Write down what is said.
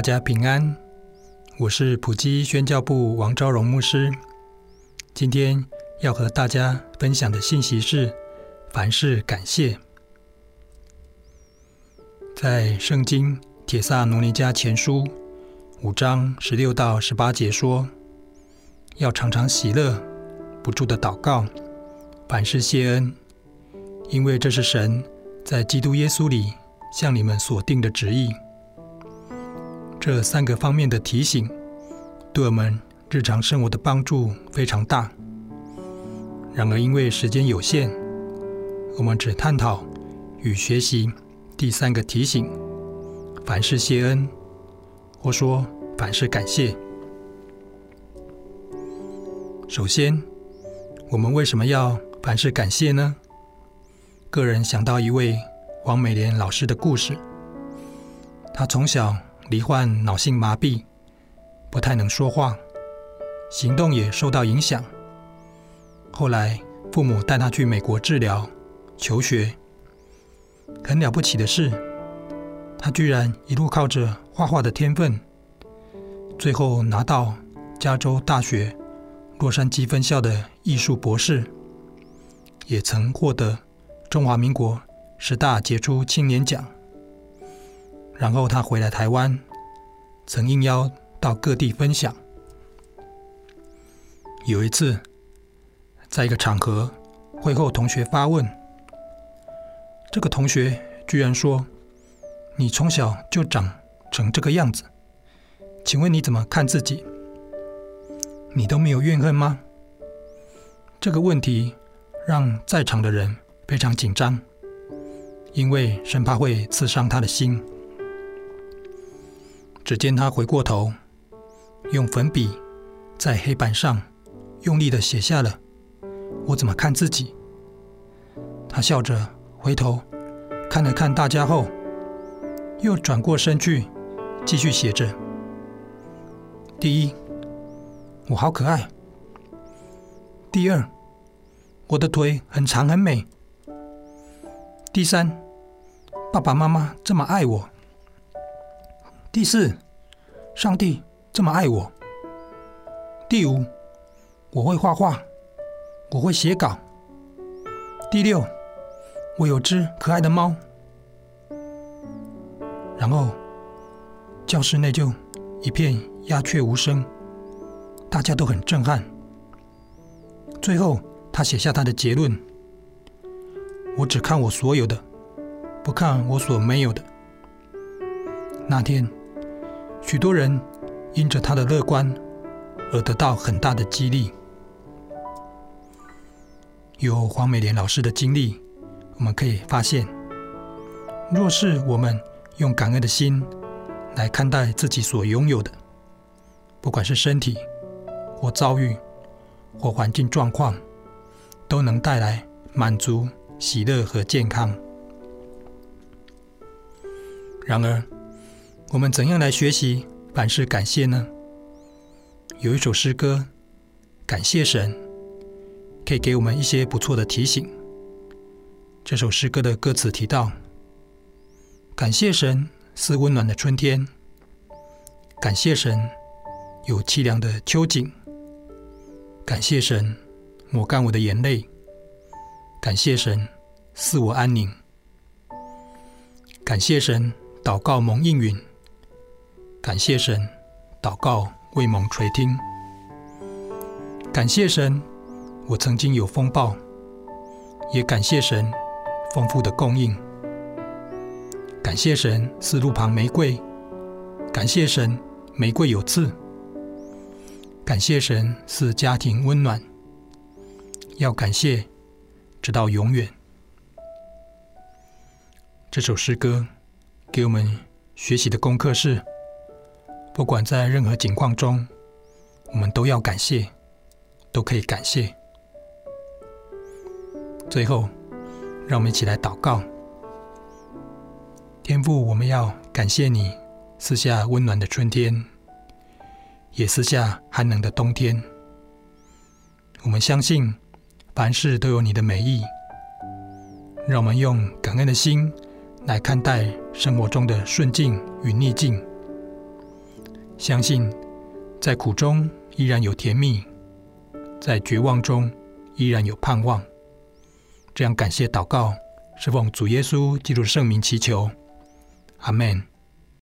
大家平安，我是埔基宣教部王昭榮牧師。今天要和大家分享的信息是：凡事感謝。在聖經《帖撒羅尼迦前書》五章十六到十八節說，要常常喜樂，不住地禱告，凡事謝恩，因為這是神在基督耶穌裡向你們所定的旨意。這三個方面的提醒，對我們日常生活的幫助非常大。然而，因為時間有限，我們只探討與學習第三個提醒：凡事謝恩，或說凡事感謝。首先，我們為什麼要凡事感謝呢？個人想到一位王美蓮老師的故事，她從小，罹患腦性麻痹，不太能說話，行動也受到影響。後來，父母帶他去美國治療、求學。很了不起的是，他居然一路靠着畫畫的天分，最後拿到加州大學洛杉磯分校的藝術博士，也曾獲得中華民國十大傑出青年獎。然後他回來台灣，曾應邀到各地分享。有一次，在一個場合，會後同學發問，這個同學居然說：“你從小就長成這個樣子，請問你怎麼看自己？你都沒有怨恨嗎？”這個問題讓在場的人非常緊張，因為生怕會刺傷他的心。只見他回過頭，用粉筆在黑板上用力的寫下了“我怎麼看自己”。他笑着回頭看了看大家後，又轉過身去繼續寫着：“第一，我好可愛；第二，我的腿很長很美；第三，爸爸媽媽這麼愛我。”第四，上帝這麼愛我。第五，我會畫畫，我會寫稿。第六，我有隻可愛的貓。然後，教室內就一片鴉雀無聲，大家都很震撼。最後，他寫下他的結論：我只看我所有的，不看我所沒有的。那天，許多人因着他的樂觀而得到很大的激勵。由黃美蓮老師的經歷，我們可以發現，若是我們用感恩的心來看待自己所擁有的，不管是身體、或遭遇、或環境狀況，都能帶來滿足、喜樂和健康。然而，我們怎樣來學習凡事感謝呢？有一首詩歌，感謝神，可以給我們一些不錯的提醒。這首詩歌的歌詞提到：“感謝神，似溫暖的春天；感謝神，有淒涼的秋景；感謝神，抹乾我的眼淚；感謝神，賜我安寧；感謝神，禱告蒙應允。”感謝神，禱告為蒙垂聽。感謝神，我曾經有風暴，也感謝神豐富的供應。感謝神是路旁玫瑰，感謝神玫瑰有刺，感謝神是家庭溫暖。要感謝直到永遠。這首詩歌給我們學習的功課是，不管在任何境況中，我們都要感謝，都可以感謝。最後，讓我們一起來禱告：天父，我們要感謝你，賜下溫暖的春天，也賜下寒冷的冬天。我們相信凡事都有你的美意。讓我們用感恩的心來看待生活中的順境與逆境。相信，在苦中依然有甜蜜，在絕望中依然有盼望。這樣感謝禱告，是奉主耶穌基督聖名祈求。阿門。